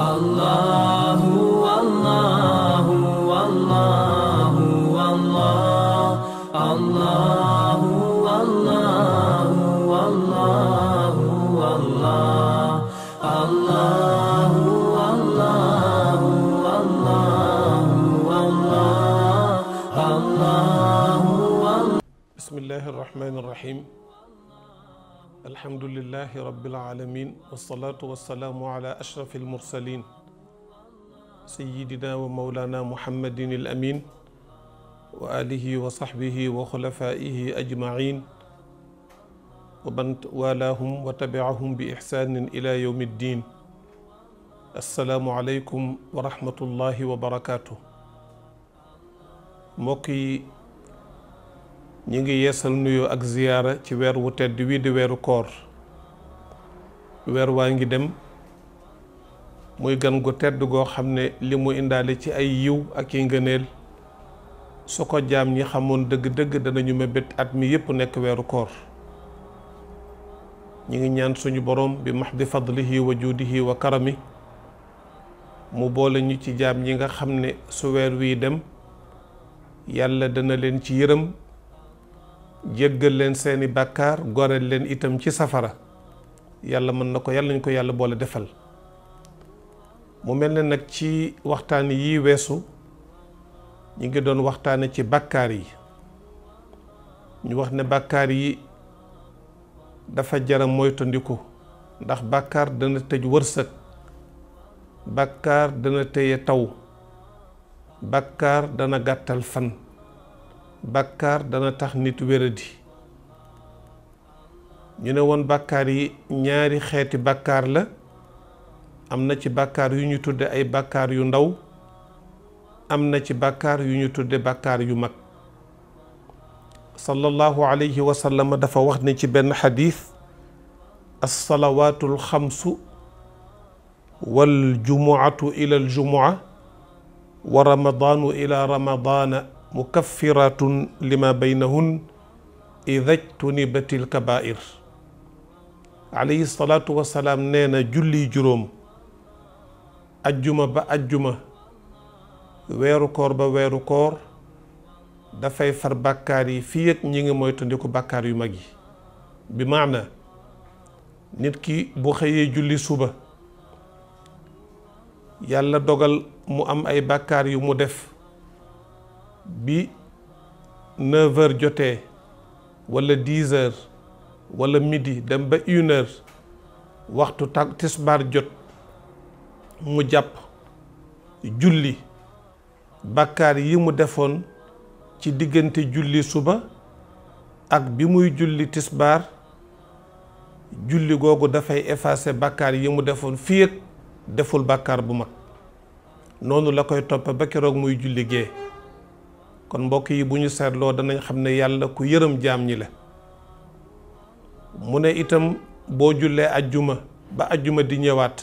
الله والله والله والله الله والله والله والله الله والله والله والله الله بسم الله الرحمن الرحيم الحمد لله رب العالمين والصلاة والسلام على أشرف المرسلين سيدنا ومولانا محمد الأمين وآله وصحبه وخلفائه أجمعين ومن والاهم وتبعهم بإحسان إلى يوم الدين السلام عليكم ورحمة الله وبركاته موكي ñi ngi yeesal nuyoo ak ziyaara ci weer wu tedd wii di weeru koor weer waa ngi dem muy gan gu tedd goo xam ne li mu indaale ci ay yiw ak i ngëneel su ko jaam yi xamoon dëgg-dëgg danañu mébét at mi yépp nekk weeru koor ñi ngi ñaan suñu borom bi di fadlihi wa juudihi wa karami mu boole ñu ci jaam yi nga xam ne su weer wii dem yàlla dana leen ci yërëm jéggal leen seeni bàkkaar goreel leen itam ci safara yàlla mën na ko yàlla nañ ko yàlla boole defal mu mel na nag ci waxtaan yi weesu ñu ngi doon waxtaane ci bàkkaar yi ñu wax ne bàkkaar yi dafa jara moytandiku ndax bàkkaar dana tëj wërsëg bàkkaar dana tëye taw bàkkaar dana gàttal fan bàkkaar dana tax nit wéradi ñu ne woon bàkkaar yi ñaari xeeti bàkkaar la am na ci bàkkaar yu ñu tudde ay bàkkaar yu ndaw am na ci bàkkaar yu ñu tudde bàkkaar yu mag sallallahu alayhi wa sallam dafa wax ne ci benn xadis alsalawaatul xamsu waljumuatu ila aljumua wa ramadaanu ila ramadana مكفرات لما بينهن إذا اجتنبت الكبائر عليه الصلاة والسلام نينا جلي جروم أجمة بأجمة أجمة ويرو كور با ويرو كور دفاي فر بكاري فيك نيغي موي تانديكو بكار يو بمعنى نيت كي بو خيي جولي صبح يالا دوغال مو اي بكار يو bi neuf heures jotee wala dix heures midi dem ba une waxtu tag tisbaar jot mu jàpp julli bàkkaar yi mu defoon ci diggante julli suba ak bi muy julli tisbaar julli googu dafay effacer bàkkaar yi mu defoon fii deful bàkkaar bu mag noonu la koy toppe ba keroog muy julli gee kon mbokk yi bu ñu seetloo danañ xam ne yàlla ku yërëm jaam yi la mu ne itam boo jullee ajjuma ba ajjuma di ñëwaat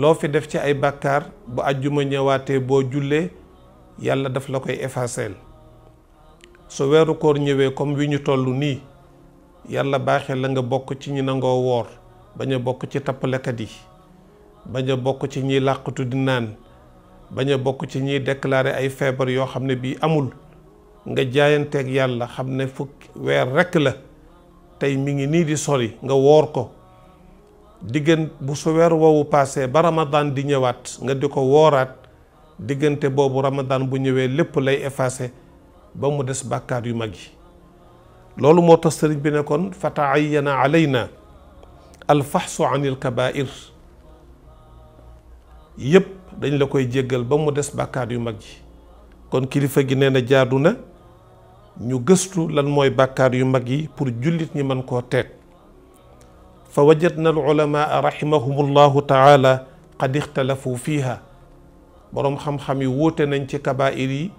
loo fi def ci ay bàkkaar bu ajjuma ñëwaatee boo jullee yàlla daf la koy effacer su weeru koor ñëwee comme wi ñu toll nii yàlla baaxee la nga bokk ci ñi nangoo woor ba a bokk ci tappalekat yi ba a bokk ci ñiy làqatu di naan bañ bokk ci ñiy déclaré ay feebar yoo xam ne bii amul nga jaayanteeg yàlla xam ne fukki weer rekk la tey mu ngi nii di sori nga woor ko diggante bu su weer wowu paase ba ramadan di ñëwaat nga di ko wooraat diggante boobu ramadan bu ñëwee lépp lay effacé ba mu des bàkkaar yu mag yi loolu moo tax sëriñ bi ne kon fa taayana alayna alfaxsu an il kabair yépp dañ la koy jéggal ba mu des bàkkaar yu mag yi kon kilifa gi nee na jaadu na ñu gëstu lan mooy bàkkaar yu mag yi pour jullit ñi mën koo teet fa wajadna al ulamaa rahimahumullahu taala la ixtalafu fiiha boroom xam-xam yi wuute nañ ci kabaa'ir yi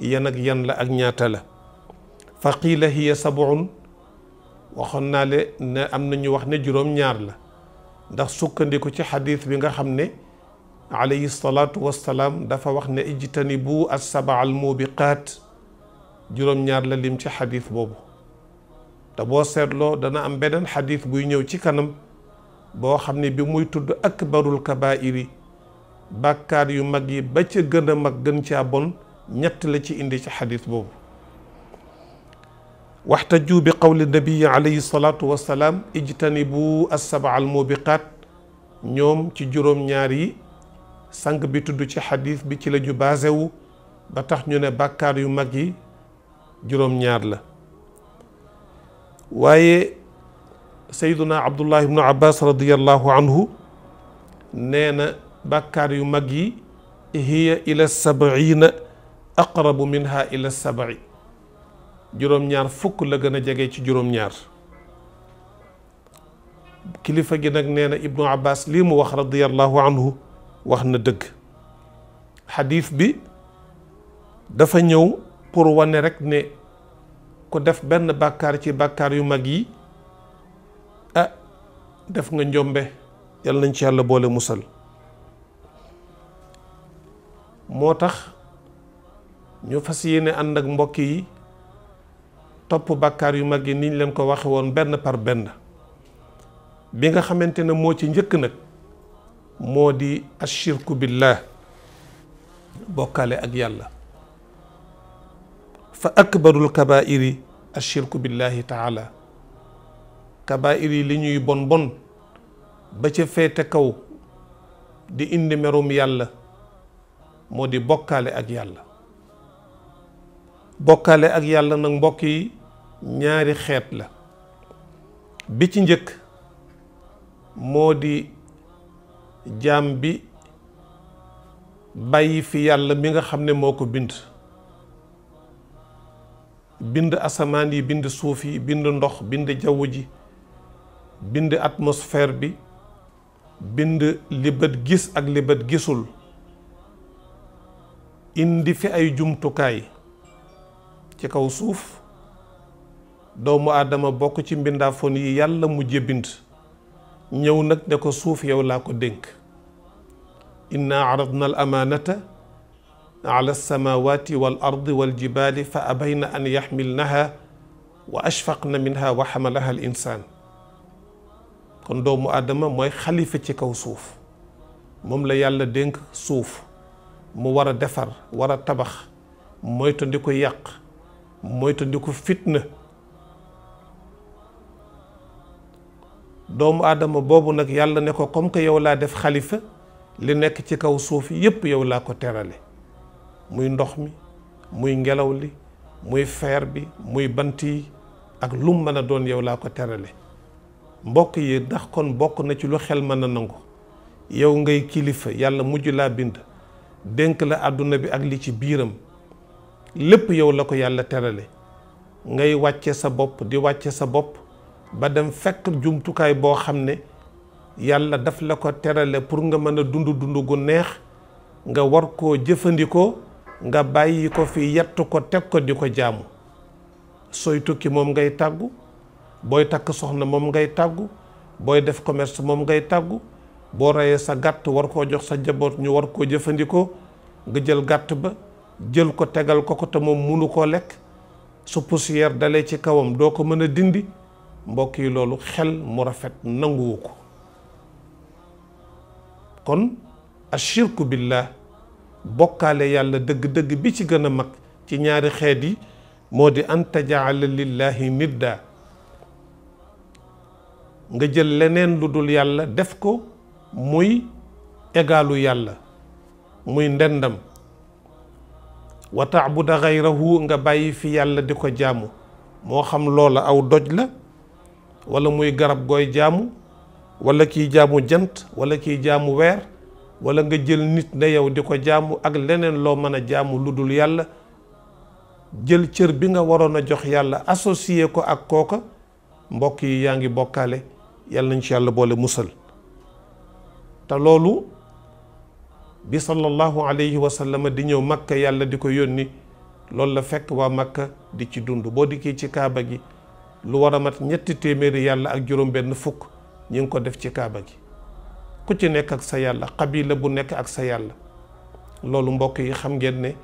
yan ak yan la ak ñaata la fa qiila hiya sab'un waxoon naa le ne am na ñu wax ne juróom ñaar la ndax sukkandiku ci xadiis bi nga xam ne alayhi salaatu wassalaam dafa wax ne ijtanibu as-sab'a al-mubiqaat juróom-ñaar la lim ci xadis boobu te boo seetloo dana am beneen xadis buy ñëw ci kanam boo xam ne bi muy tudd akbarul kabaa'iri bàkkaar yu mag yi ba ca gën a mag gën caa bon ñett la ci indi ci xadis boobu waxtaju bi qawli nabiyi alayhi salaatu wassalaam ijtanibu as-sab'a al-mubiqaat ñoom ci juróom-ñaar yi sang bi tuddu ci hadith bi ci la ñu basé wu ba tax ñu ne bakkar yu mag juróom-ñaar la waaye sayyiduna abdullah ibn abbas radiyallahu anhu nee na bàkkaar yu mag hiya ila sab'ina aqrabu minha ila sabi juróom-ñaar fukk la gëna jege ci juróom-ñaar kilifa gi nag nee na ibnu abbas lii mu wax radiyallahu anhu wax na dëgg xadiis bi dafa ñëw pour wane rek ne ku def benn bàkkaar ci bàkkaar yu mag yi ah def nga njombe yàlla nañ ci yàlla boole musal moo tax ñu fas yéene ànd ak mbokk yi topp bàkkaar yu mag yi niñ leen ko waxe woon benn par benn bi nga xamante ne moo ci njëkk nag moo di ashirku billah bokkaale ak yàlla fa akbarul kabairi ashirku billahi taala kabair yi li ñuy bon bon ba ca féete kaw di indi merum yàlla moo di bokkaale ak yàlla bokkaale ak yàlla nag mbokk yi ñaari xeet la bi ci njëkk moo di jaam bi bàyyi fi yàlla mi nga xam ne moo ko bind bind asamaan yi bind suuf yi bind ndox bind jaww ji bind atmosphère bi bind li gis ak li gisul indi fi ay jumtukaay ci kaw suuf doomu aadama bokk ci mbindaafoon yi yàlla mujje bind ñëw nag ne ko suuf yow laa ko dénk inna aradna al amanata ala samawati wal ardi wal jibali fa abayna an yaxmilnaha wa ashfaqna minha wa xamalaha al insan kon doomu adama mooy xalifa ci kaw suuf moom la yàlla dénk suuf mu war a defar war a tabax moytandi ko yàq moytandi ko fitna doomu adama boobu nag yàlla ne ko comme que yow laa def xalifa li nekk ci kaw suuf yépp yow laa ko terale muy ndox mi muy ngelaw li muy feer bi muy bant yi ak lum mën a doon yow laa ko terale mbokk yi ndax kon bokk na ci lu xel mën a nangu yow ngay kilifa yàlla mujj laa bind dénk la àdduna bi ak li ci biiram lépp yow la ko yàlla terale ngay wàcce sa bopp di wàcce sa bopp ba dem fekk jumtukaay boo xam ne yàlla daf la ko terale pour nga mën a dund dund gu neex nga war koo jëfandikoo nga bàyyi ko fi yett ko teg ko di ko jaamu sooy tukki moom ngay tàggu booy takk soxna moom ngay tàggu booy def commerce moom ngay tàggu boo reyee sa gàtt war koo jox sa njaboot ñu war koo jëfandikoo nga jël gàtt ba jël ko tegal ko ko te moom munu koo lekk su poussière dale ci kawam doo ko mën a dindi mbokk yi loolu xel mu rafet nanguwu ko kon ashirku billah bokkaale yàlla dëgg-dëgg bi ci gën a mag ci ñaari xeet yi moo di an tajaala lillahi nidda nga jël leneen lu dul yàlla def ko muy égalu yàlla muy ndendam wa taabuda gayrahu nga bàyyi fi yàlla di ko jaamu moo xam loola aw doj la wala muy garab gooy jaamu walla kiy jaamu jant wala kiy jaamu weer wala nga jël nit ne yow di ko jaamu ak leneen loo mën a jaamu lu dul yàlla jël cër bi nga waroon a jox yàlla associé ko ak kooka mbokk yi yaa ngi bokkaale yàlla nañ ci yàlla boole musal te loolu bi sallallahu alayhi wa sallam di ñëw makka yàlla di ko yónni loolu la fekk waa makka di ci dund boo dikkee ci kaaba gi lu war a mat ñetti téeméeri yàlla ak juróom-benn fukk ñu ngi ko def ci kaaba gi ku ci nekk ak sa yàlla xabila bu nekk ak sa yàlla loolu mbokk yi xam ngeen ne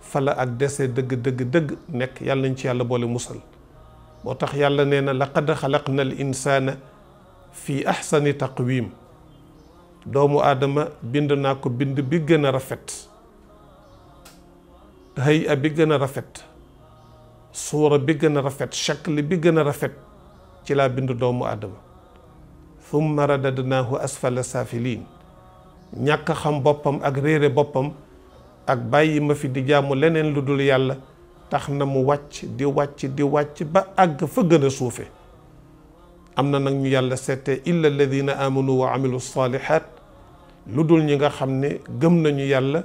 fala ak dese dëgg dëgg dëgg nekk yàlla nañ ci yàlla boole musal moo tax yàlla nee na laqad xalaqna al insaana fii ahsani taqwim doomu aadama bind naa ko bind bi gën a rafet hëy a bi gën a rafet suura bi gën a rafet shakl bi gën a rafet ci laa bind doomu aadama thumma radadnaahu asfala saafiliin ñàkk xam boppam ak réere boppam ak bàyyi ma fi di jaamu leneen lu dul yàlla tax na mu wàcc di wàcc di wàcc ba àgg fa gën a suufe am na nag ñu yàlla seete illa alladina amanu wa amilu salihat lu dul ñi nga xam ne gëm nañu yàlla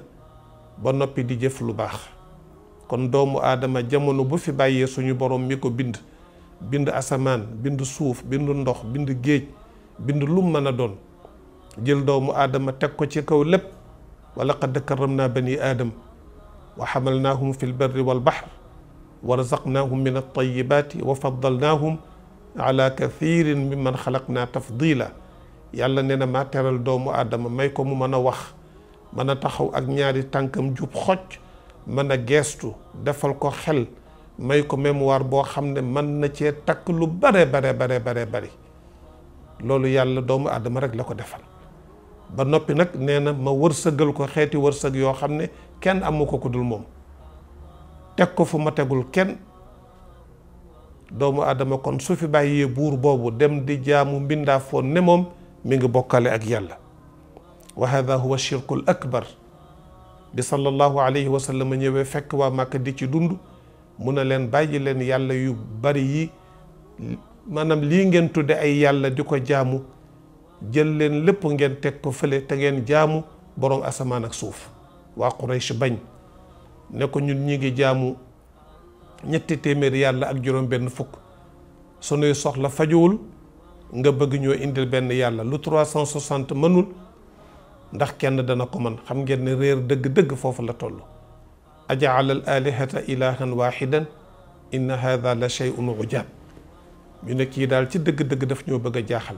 ba noppi di jëf lu baax kon doomu aadama jamono bu fi bàyyee suñu borom mi ko bind bind asamaan bind suuf bind ndox bind géej bind lum mën a doon jël doomu aadama teg ko ci kaw lépp wala qad karramna bani aadam wa xamalnaahum fi lbarri walbaxr wa razaqnaahum min altayibaati wa faddalnaahum ala kathirin mimman xalaqna tafdila yàlla nee na maa teral doomu aadama may ko mu mën a wax mën a taxaw ak ñaari tànkam jub xocc mën a geestu defal ko xel may ko mémoire boo xam ne mën na cee takk lu bare bare bare bare bare loolu yàlla doomu aadama rek la ko defal ba noppi nag nee na ma wërsëgal ko xeeti wërsëg yoo xam ne kenn amu ko dul moom teg ko fu ma tegul kenn doomu aadama kon su fi bàyyee buur boobu dem di jaamu mbindaa foon ne moom mi ngi bokkale ak yàlla wa hada huwa shirkul akbar bi sallallahu alayhi wa sallam ñëwee fekk waa Màkka di ci dund mu ne leen bàyyi leen yàlla yu bari yi maanaam lii ngeen tudde ay yàlla di ko jaamu jël leen lépp ngeen teg ko fële te ngeen jaamu boroom asamaan ak suuf waa Quraysh bañ ne ko ñun ñi ngi jaamu ñetti téeméer yàlla ak juróom benn fukk sunuy soxla fajuwul nga bëgg ñoo indil benn yàlla lu cent 360 mënul ndax kenn dana ko man xam ngeen ne réer dëgg-dëgg foofu la toll ajaala al alihata ilahan wahidan inna hada la shay'un ujab ñu ne kii daal ci dëgg-dëgg daf ñoo bëgg a jaaxal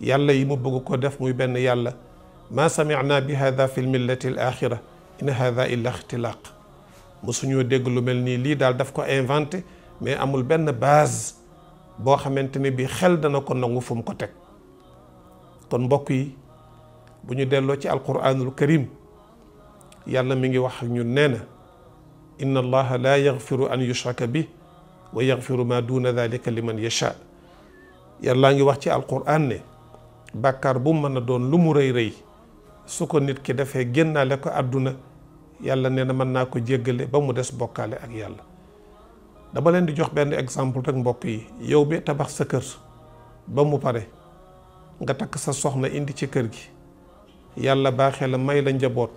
yàlla yi mu bëgg ko def muy benn yàlla ma sami'na bi hada fi lmillati al axira in hada illa ixtilaq mosuñoo dégg lu mel nii lii daal daf ko inventé mais amul benn base boo xamante ne bi xel dana ko nangu fu mu ko teg kon mbokk yi bu ñu delloo ci alquranul karim yàlla mi ngi wax ñun nee na inna allaha laa yaxfiru an yushraka bi wa yaxfiru ma duna dalika liman yasha yàlla ngi wax ci alquran ne bàkkaar bu mën a doon lu mu rëy rëy su ko nit ki defee génnaale ko àdduna yàlla nee na mën naa ko jéggale ba mu des bokkaale ak yàlla dama leen di jox benn exemple rek mbokk yi yow bi tabax sa kër ba mu pare nga takk sa soxna indi ci kër gi yàlla baaxee la may la njaboot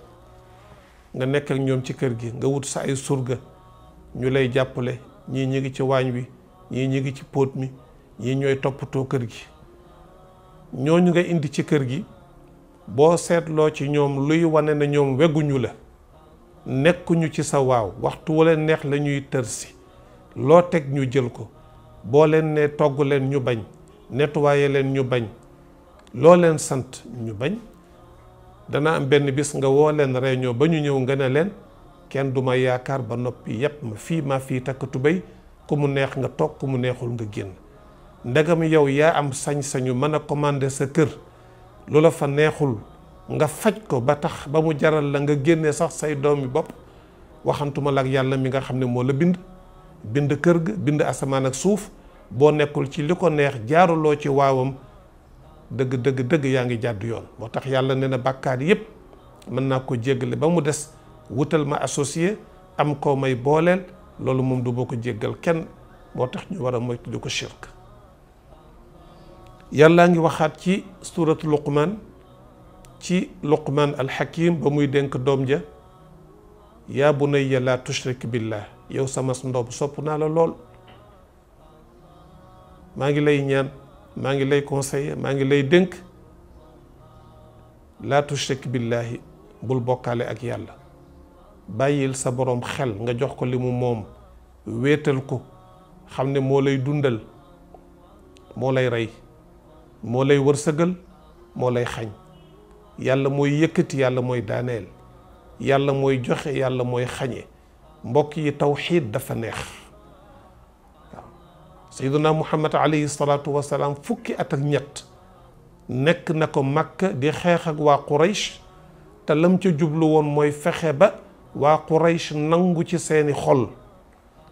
nga nekk ak ñoom ci kër gi nga wut sa ay surga ñu lay jàppale ñii ñi ngi ci waañ wi ñii ñi ngi ci póot mi ñii ñooy toppatoo kër gi ñooñu nga indi ci kër gi boo seetloo ci ñoom luy wane na ñoom wegguñu la nekkuñu ci sa waaw waxtu wala neex lañuy ñuy tërsi loo teg ñu jël ko boo leen nee togg leen ñu bañ nettoyé leen ñu bañ loo leen sant ñu bañ dana am benn bis nga woo leen réunion ba ñu ñëw nga ne leen kenn du ma yaakaar ba noppi yépp ma fii maa fii takk tubéy ku mu neex nga toog ku mu neexul nga génn ndegam yow yaa am sañ-sañu mën a commander sa kër lu fa neexul nga faj ko ba tax ba mu jaral la nga génne sax say doom yi bopp waxantuma la ak yàlla mi nga xam ne moo la bind bind kër gi bind asamaan ak suuf boo nekkul ci li ko neex jaaruloo ci waawam deug deug deug yang ngi jàddu yoon motax yalla neena bakkar na man na ko jéggale ba mu dess wutal ma associé am ko may bolel lolou mom du boko ko jéggal kenn moo ñu wara moy tuddu ko shirk yalla ngi waxat ci suratul luqman ci al hakim ba muy denk dom ja ya bunayya la tushrik billah yow sama ndob sopp la lol ma ngi lay ñaan maa ngi lay conseiller maa ngi lay dénk laa tushrik billaahi bul bokkaale ak yàlla bàyyil sa xel nga jox ko limu mom wetal ko xamne mo lay dundal mo lay ray mo lay wërsëgal mo lay xagn yàlla moy yëkkati yàlla moy danel yàlla moy joxe yàlla moy xagne mbokk yi tawhid dafa neex sayyiduna muhammad alayhi salaatu wasalaam fukki at ak ñett nekk na ko makk di xeex ak waa quraysh te lam ca jublu woon mooy fexe ba waa quraysh nangu ci seeni xol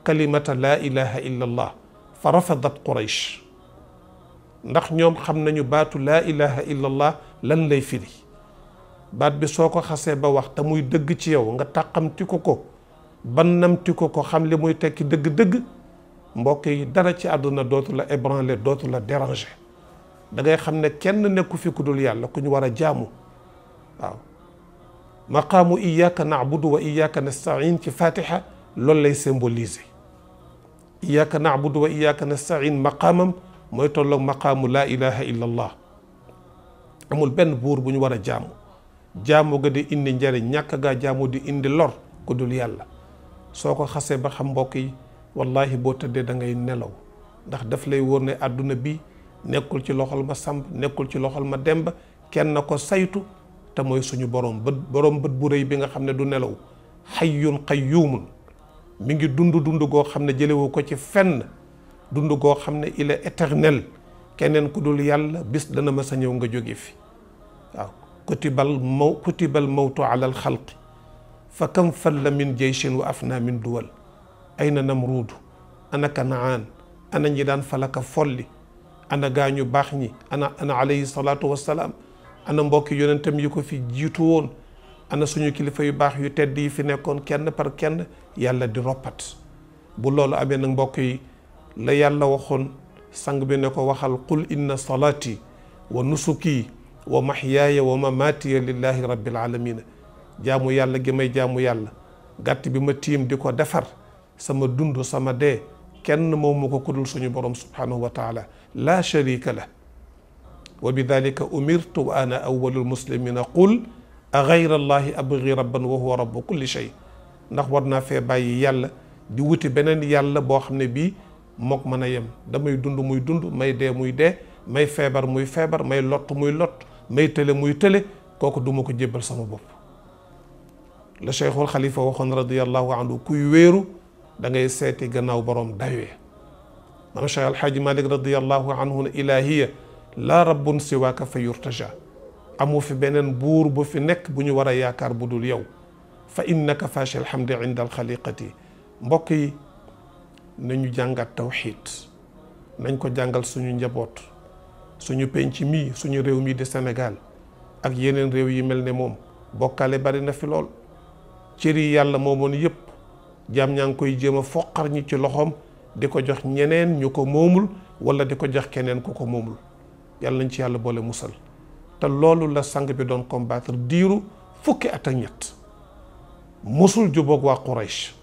kalimata laa ilaha illa allah fa rafadat quraysh ndax ñoom xam nañu baatu laa ilaha illa allah lan lay firi baat bi soo ko xasee ba wax te muy dëgg ci yow nga tàqamti ko ko bannamti ko ko xam li muy tekki dëgg-dëgg mbokki dara ci aduna dootu la ébranler dootu la déranger da ngay xamne ne kenn neeku fi kudul yàlla ku ñu war a jaamu waaw maqamu iyyaka na'budu wa iyyaka nasta'in ci fatiha lol lay symboliser iyyaka na'budu wa iyyaka nasta'in maqamam moy tolloog maqamu la ilaha illa allah amul ben buur bu ñu war jaamu jaamu ga di indi njariñ ñàkk gaa jaamu di indi lor kudul yàlla soko xasse ba xam mbokki wallahi boo tëddee da ngay nelaw ndax daf lay wóor ne àdduna bi nekul ci loxol ma sàmb nekul ci loxol ma demb ken nako saytu ta moy suñu borom borom beut bu rëy bi nga xamne du nelaw hayyun qayyum mi ngi dundu dundu go xamne jele wo ko ci fenn dundu go xamne il est éternel kenen ku dul yàlla bis dana ma sa ñëw nga jóge fi wa kutibal maw kutibal mawtu ala al khalq fa kam falla min jayshin wa afna min duwal ay na namruudu ana kanaan ana ñi daan falaka folli ana gaañu baax ñi ana ana alayhi salaatu wassalaam ana mbokki yonentam yi ko fi jiitu woon ana suñu kilifa yu baax yu tedd yi fi nekkoon kenn par kenn yàlla di roppat bu loolu amee nag mbokk yi la yàlla waxoon sang bi ne ko waxal qul inna salaati wa nusuki wa mahyaaya wa mamaatiya lillahi rabbil alamina jaamu yàlla gi may jaamu yàlla gàtt bi ma tiim di ko defar sama dund sama dee kenn moomu ko kudul suñu borom subhanahu wa taala la sharika la wa bidalika umirtu wa ana awwalul muslimina qul a gayra allahi abgi rabban wa huwa rabbu kulli shay ndax war naa fee bàyyi yàlla di wuti beneen yàlla boo xam ne bii mook mën a yem damay dund muy dund may dee muy dee may feebar muy feebar may lott muy lott may tële muy tële kooku du ma ko jébbal sama bopp la cheikhul xalifa waxoon radiallahu anhu kuy wéeru داغي سيتي غناو بروم داوي ما شاء الحاج مالك رضي الله عنه الهيه لا رب سواك فيرتجى امو في بنن بور بو في نيك بو ني ورا ياكار بودول يو فانك فاشل الحمد عند الخليقه مبوكي نانيو جانغا توحيد نانكو جانغال سونو نجابوت سونو بنتي مي سونو ريو مي دي سنغال اك يينن ريو يي ملني موم بوكالي بارينا في لول تيري يالا مومون ييب jaam ñaa ngi koy jéem a foqar ci loxoom di ko jox ñeneen ñu ko moomul wala di ko jox keneen ku ko moomul yàlla nañ ci yàlla boole musal te loolu la sang bi doon combattre diiru fukki at ak ñett mosul jubóog waa Quraysh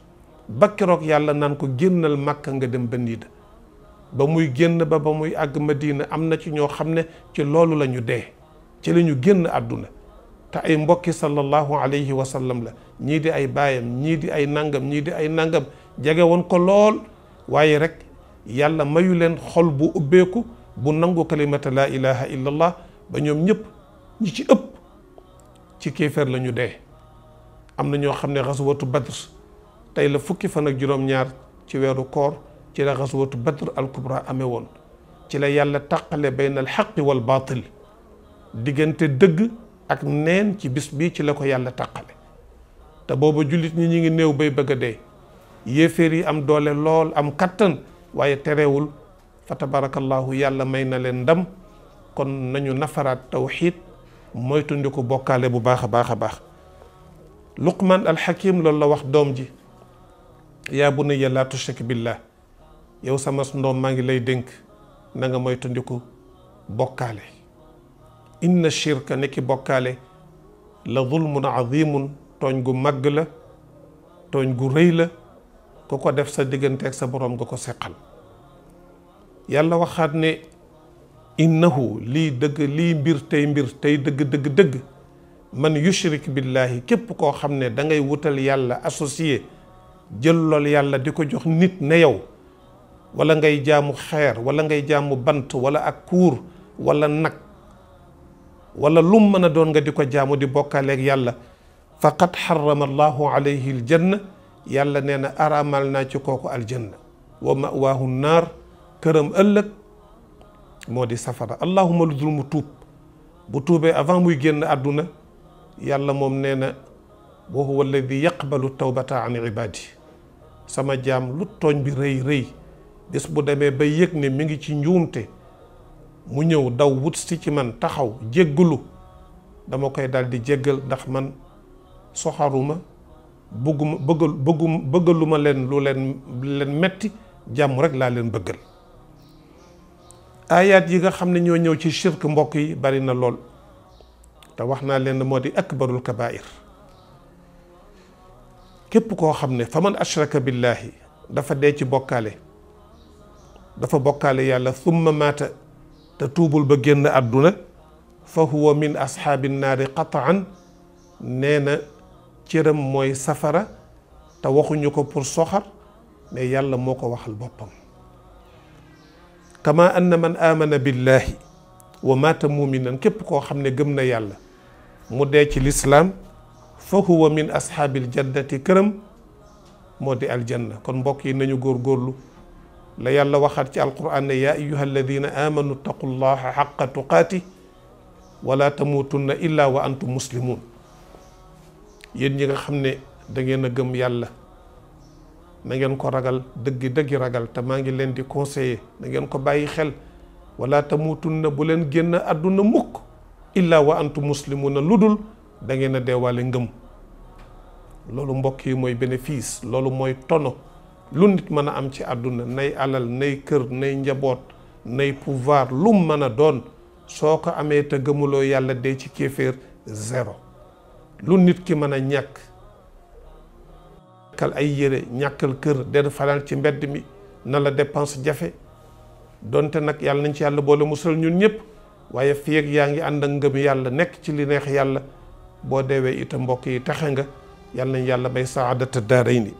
ba keroog yàlla naan ko génnal Makka nga dem Bandiida ba muy génn ba ba muy àgg ma diina am na ci ñoo xam ne ci loolu lañu ñu dee ci lañu génn àdduna te ay mbokki sallallahu alayhi wa sallam la ñii di ay baayam ñii di ay nangam ñii di ay nangam jege woon ko lool waaye rek yàlla mayu leen xol bu ubbeeku bu nangu kalimata laa ilaha illallah ba ñoom ñëpp ñi ci ëpp ci kéeféer la ñu dee am na ñoo xam ne xasuwatu badr tey la fukki fan ak juróom-ñaar ci weeru koor ci la xasuwatu badr al kubra amee woon ci la yàlla tàqale bayna al xaqi wal baatil diggante dëgg ak neen ci bis bi ci la ko yàlla taqale te booba jullit ñi ñi ngi néew bay bëgg a dee yéeféer yi am doole lool am kattan waaye terewul fa tabarakallahu yàlla may na leen ndam kon nañu nafaraat tawxiid moytundi ko bokkaale bu baax a baax a baax luqman alxakim loolu la wax doom ji yaa ya laa tushrik billah yow sama ndoom maa ngi lay dénk na nga moytundiku bokkaale inna shirka nekki bokkaale la zulmun azimun tooñ gu màgg la tooñ gu rëy la ku ko def sa digganteeg sa borom nga ko seqal yàlla waxaat ne innahu lii dëgg lii mbir tey mbir tey dëgg dëgg dëgg man yushrik billahi képp koo xam ne da ngay wutal yàlla associé jël lool yàlla di ko jox nit ne yow wala ngay jaamu xeer wala ngay jaamu bant wala ak kuur wala nag wala lum mën a doon nga di ko jaamu di bokkaaleeg yàlla faqad xarama allahu alayhi aljanna yàlla nee na araamal naa ci kooku aljanna wa mawaahu naar këram ëllëg moo di safara allahuma lu dul mu tuub bu tuubee avant muy génn àdduna yàlla moom nee na wa huwa alladi yaqbalu tawbata an ibaadi sama jaam lu tooñ bi rëy rëy bis bu demee ba yëg ne mi ngi ci njuumte mu ñëw daw wut ci ci man taxaw jéggulu dama koy daal di jéggal ndax man soxaruma bëgguma bëggul bëggum bëggaluma len lu len len metti jàmm rek la len bëggal ayat yi nga xamne ñoo ñëw ci shirk mbokk yi bari na lool ta waxna len modi akbarul kabair kep ko xamne faman ashraka billahi dafa de ci bokalé dafa bokalé yàlla thumma mata te tuubul ba génn àdduna fa huwa min asxaabin naari qataan nee na cëram mooy safara te waxuñu ko pour soxar mais yàlla moo ko waxal boppam kama anna man amana billahi wa mata muminan képp koo xam ne gëm na yàlla mu dee ci lislaam fa huwa min ashaabil jannati këram moo di aljanna kon mbokk yi nañu góorgóorlu la yàlla waxaat ci alquran ne yaa ayuha alladina amanu taqullaha xaqa tuqaati wala tamutunna illa wa antum muslimun yéen ñi nga xam ne da ngeen a gëm yàlla na ngeen ko ragal dëggi dëggi ragal te maa ngi leen di conseiller na ngeen ko bàyyi xel wala tamutunna bu leen génn àdduna mukk illa wa antum muslimuna lu dul da ngeen a deewaale ngëm loolu mbokk yi mooy bénéfice loolu mooy tono lu nit mën a am ci àdduna nay alal nay kër nay njaboot nay pouvoir lum mën a doon soo ko amee te gëmuloo yàlla dee ci kéeféer zéro lu nit ki mën a ñàkk ñàkkal ay yére ñàkkal kër de fanaan ci mbedd mi na la dépense jafe doonte nag yàlla nañ ci yàlla boole musal ñun ñëpp waaye fii yaa ngi ànd ak ngëm yàlla nekk ci li neex yàlla boo deewee itam mbokk yi taxe nga yàlla nañ yàlla bay saadata daarayni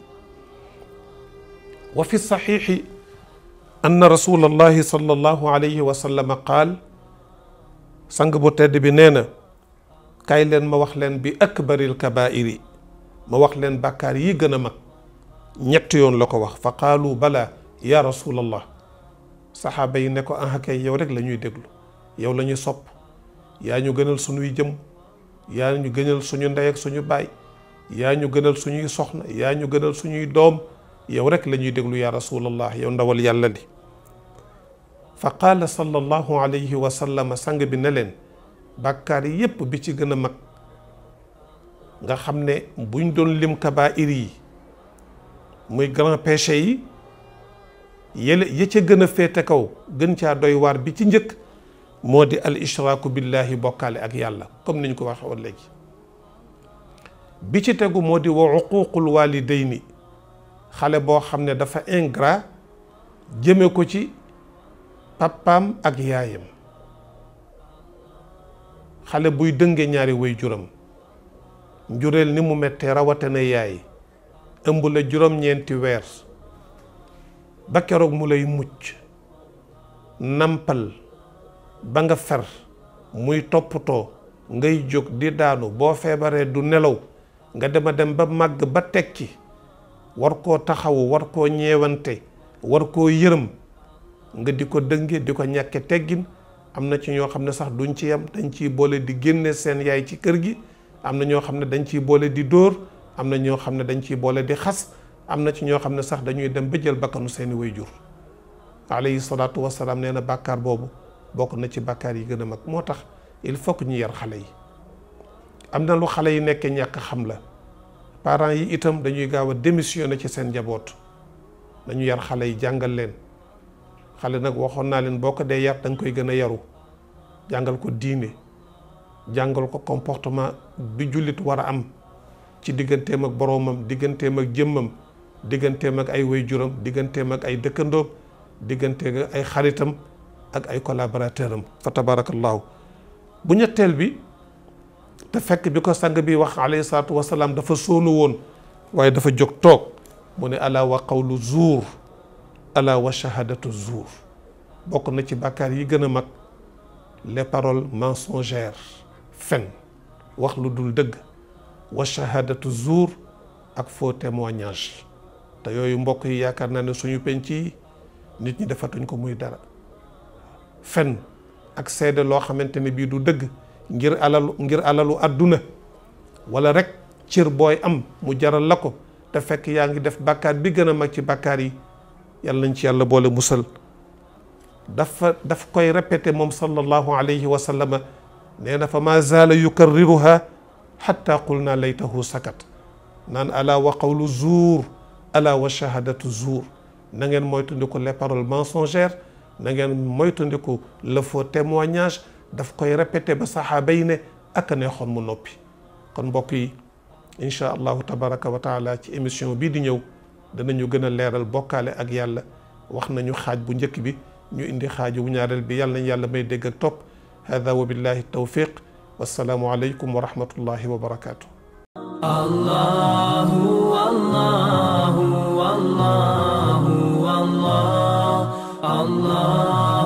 وفي الصحيح أن رسول الله صلى الله عليه وسلم قال سانغ بوتيد بنينا كاي لين ما لين بأكبر الكبائر ما لين بكار يغنا ما نيت يون لوكو فقالوا بلى يا رسول الله صحابي نكو ان هكا يو رك لا نيو دغلو يو لا نيو صوب يا نيو غنال سونو جيم يا نيو غنال سونو نداي اك سونو باي يا نيو غنال سونو سخنا يا نيو غنال سونو دوم yow rek la ñuy déglu yaa rasulallah yow ndawal yàlla li fa qaala sallallahu alayhi wa sallam sang bi ne leen bàkkaar yépp bi ci gën a mag nga xam ne buñ doon lim kabaa'ir yi muy grand péché yi yële ya ca gën a féete kaw gën caa doy waar bi ci njëkk moo di al ishraaku billahi bokkaale ak yàlla comme niñ ko waxee woon léegi bi ci tegu moo di wa uquuqul walidayni xale boo xam ne dafa ingrat jëme ko ci pappaam ak yaayam xale buy dënge ñaari way juram njureel ni mu mettee rawatina yaay ëmb la juróom-ñeenti weer ba keroog mu lay mucc nampal ba nga fer muy toppatoo ngay jóg di daanu boo feebaree du nelaw nga dema dem ba màgg ba tekki war koo taxawu war koo ñeewante war koo yërëm nga di ko dënge di ko ñàkke teggin am na ci ñoo xam ne sax duñ ci yem dañ ciy boole di génne seen yaay ci kër gi am na ñoo xam ne dañ ciy boole di dóor am na ñoo xam ne dañ ciy boole di xas am na ci ñoo xam ne sax dañuy dem ba jël bakkanu seeni wayjur alayhi salaatu wasalaam nee na bàkkaar boobu bokk na ci bàkkaar yi gën a mag moo tax il faut que ñu yar xale yi am na lu xale yi nekkee ñàkk xam la parents yi itam dañuy gaaw a démissionné ci seen njaboot dañu yar xale yi jàngal leen xale nag waxoon naa leen boo ko dee yar da koy gën a yaru jàngal ko diine jàngal ko comportement bi jullit war a am ci digganteem ak boroomam digganteem ak jëmmam digganteem ak ay waajuram digganteem ak ay dëkkandoom digganteem ak ay xaritam ak ay collaborateur am fa tabarakallahu bu ñetteel bi تفك بيكو سانغ بي وخ عليه الصلاه والسلام دا فسولو وون واي دا فا جوك توك موني الا وقول زور الا وشهاده الزور بوك نا سي بكار يي غنا ماك لي بارول مانسونجير فن وخ لو دول دغ وشهاده الزور اك فو تيموانياج تا يوي مبوك يي ياكار نانا سونو بنتي نيت ني دافاتو نكو موي دارا فن اك سيد لو خامتاني بي دو دغ ngir alalu ngir alalu aduna wala rek cër boy am mu jaral lako ko te fekk yaa def bakkar bi gën a mag ci bakkar yi yàlla nañ ci yàlla boole musal dafa daf koy répéter mom sallallahu alayhi wa sallam nee fa ma zala yukarriruha hatta qulna laytahu sakat nan ala wa qawlu zur ala wa shahadatu zur na ngeen moytu ndiko les paroles mensongères na ngeen moytu ndiko le faux témoignage daf koy répété ba saxaaba yi ne ak a neexoon mu noppi kon mbokk yi incha allahu tabaraka wa taala ci émission bii di ñëw danañu gën a leeral bokkaale ak yàlla wax nañu xaaj bu njëkk bi ñu indi xaaju bu ñaareel bi yàlla nañ yàlla may dégg ak topp hada wa billahi tawfiq wassalaamu aleykum wa rahmatullahi wa barakaatu الله الله الله الله